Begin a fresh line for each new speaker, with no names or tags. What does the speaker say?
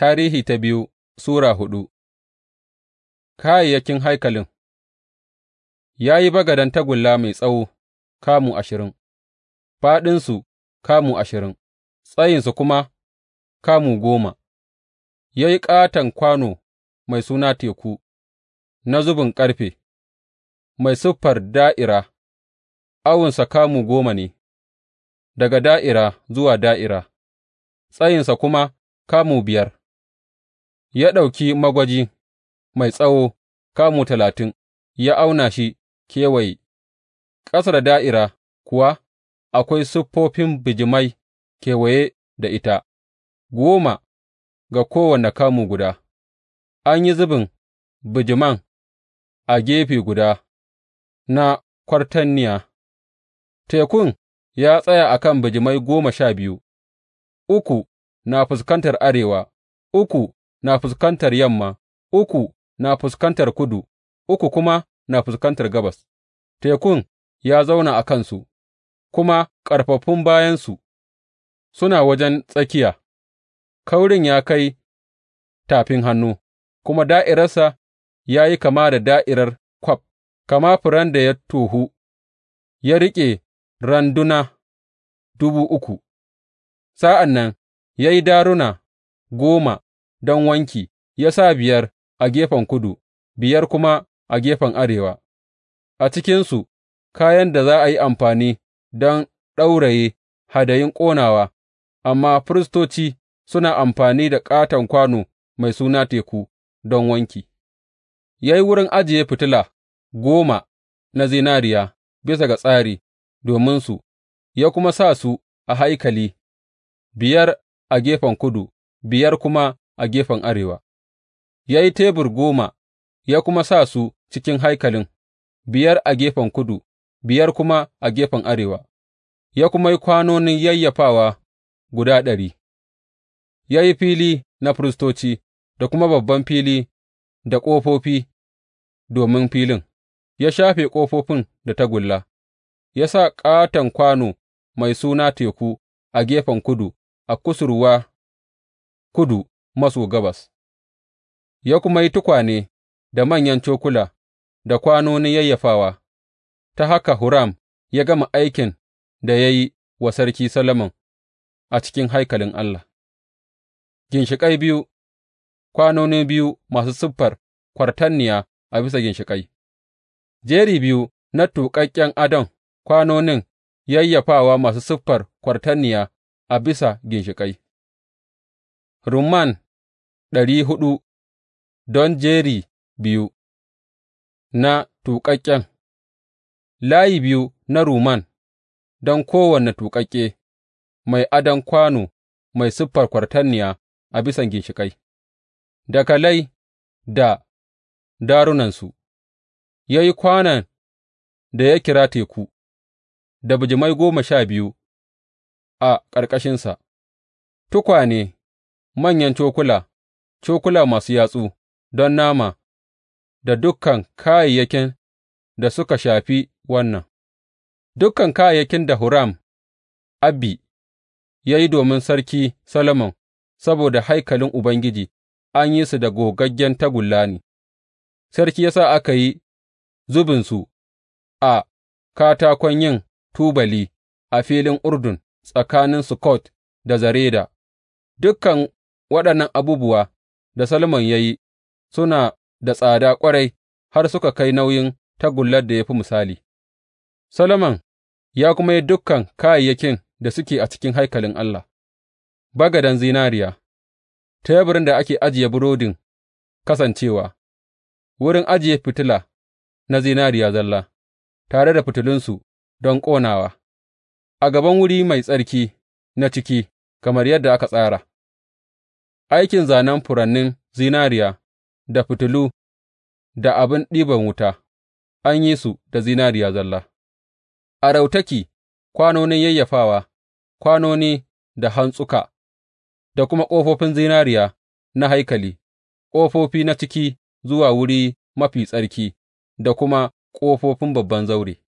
Tarihi ta biyu Sura hudu Kayayyakin haikalin Ya yi bagaden tagulla mai tsawo, kamu ashirin, fāɗinsu kamu ashirin, tsayinsu kuma kamu goma, ya yi ƙaton kwano mai suna teku na zubin ƙarfe, mai siffar da'ira, awunsa kamu goma ne, daga da'ira zuwa da'ira, tsayinsa kuma kamu biyar. ya ɗauki magwaji mai tsawo kamu talatin ya auna shi kewaye, ƙasa da da'ira kuwa akwai siffofin bijimai kewaye da ita, goma ga kowane kamu guda, an yi zubin bijiman a gefe guda na kwartanniya, tekun ya tsaya a kan bijimai goma sha biyu, uku na fuskantar arewa, uku na fuskantar yamma, uku na fuskantar kudu, uku kuma na fuskantar gabas, tekun ya zauna a kansu, kuma ƙarfafun bayansu suna wajen tsakiya, kaurin ya kai tafin hannu, kuma da'irarsa ya yi kama da da'irar kwaf, kama furen da ya tohu, ya riƙe randuna dubu uku, sa'an nan ya yi daruna goma don wanki, ya sa biyar a gefen kudu, biyar kuma a gefen arewa, a cikinsu kayan da za a yi amfani don ɗauraye hadayin ƙonawa, amma firistoci suna amfani da ƙaton kwano mai suna teku don wanki. Ya yi wurin ajiye fitila goma na zinariya bisa ga tsari dominsu, ya kuma sa su a haikali, biyar a gefen kudu, biyar kuma a gefen arewa, ya yi tebur goma ya kuma sa su cikin haikalin, biyar a gefen kudu, biyar kuma a gefen arewa, ya kuma yi kwanonin yayyafawa guda ɗari, ya yi fili na firistoci da kuma babban fili da ƙofofi domin filin, ya shafe ƙofofin da tagulla, ya sa ƙaton kwano mai suna Teku a gefen kudu a kusurwa kudu maso gabas, ya kuma yi tukwane da manyan cokula da kwanonin yayyafawa, ta haka Huram ya gama aikin da ya yi wa Sarki Solomon a cikin haikalin Allah, ginshiƙai biyu, kwanoni biyu masu siffar kwartanniya a bisa ginshiƙai, jeri biyu na tuƙaƙƙen adon kwanonin yayyafawa masu siffar kwartanniya a bisa ginshiƙai. rumman ɗari huɗu don jeri biyu na tuƙaƙƙen, layi biyu na rumman don kowane tuƙaƙƙe mai adon kwano mai siffar kwatarniya a bisan ginshiƙai, dakalai da darunansu, ya yi kwanon da ya kira Teku, da bijimai goma sha biyu a ƙarƙashinsa, tukwane. manyan cokula, cokula masu yatsu don nama da dukan kayayyakin da suka shafi wannan, dukan kayayyakin da Huram Abi ya yi domin Sarki Solomon saboda haikalin Ubangiji an yi su da gogaggen tagulla ne, sarki ya sa aka yi zubinsu a katakon yin tubali a filin Urdun tsakanin Sukkot da zareda dukan waɗannan abubuwa da Solomon ya yi suna da tsada ƙwarai har suka kai nauyin tagullar da ya fi misali. Solomon ya kuma yi dukan kayayyakin da suke a cikin haikalin Allah, bagadan zinariya, teburin da ake ajiye burodin kasancewa, wurin ajiye fitila na zinariya zalla, tare da fitilunsu don ƙonawa, a gaban wuri mai tsarki na ciki, kamar yadda aka tsara. aikin zanen furannin zinariya da fitilu da abin ɗiban wuta, an yi su da zinariya zalla, a rautaki, kwanonin yayyafawa, kwanoni da hantsuka, da kuma ƙofofin zinariya na haikali, ƙofofi na ciki zuwa wuri mafi tsarki da kuma ƙofofin babban zaure.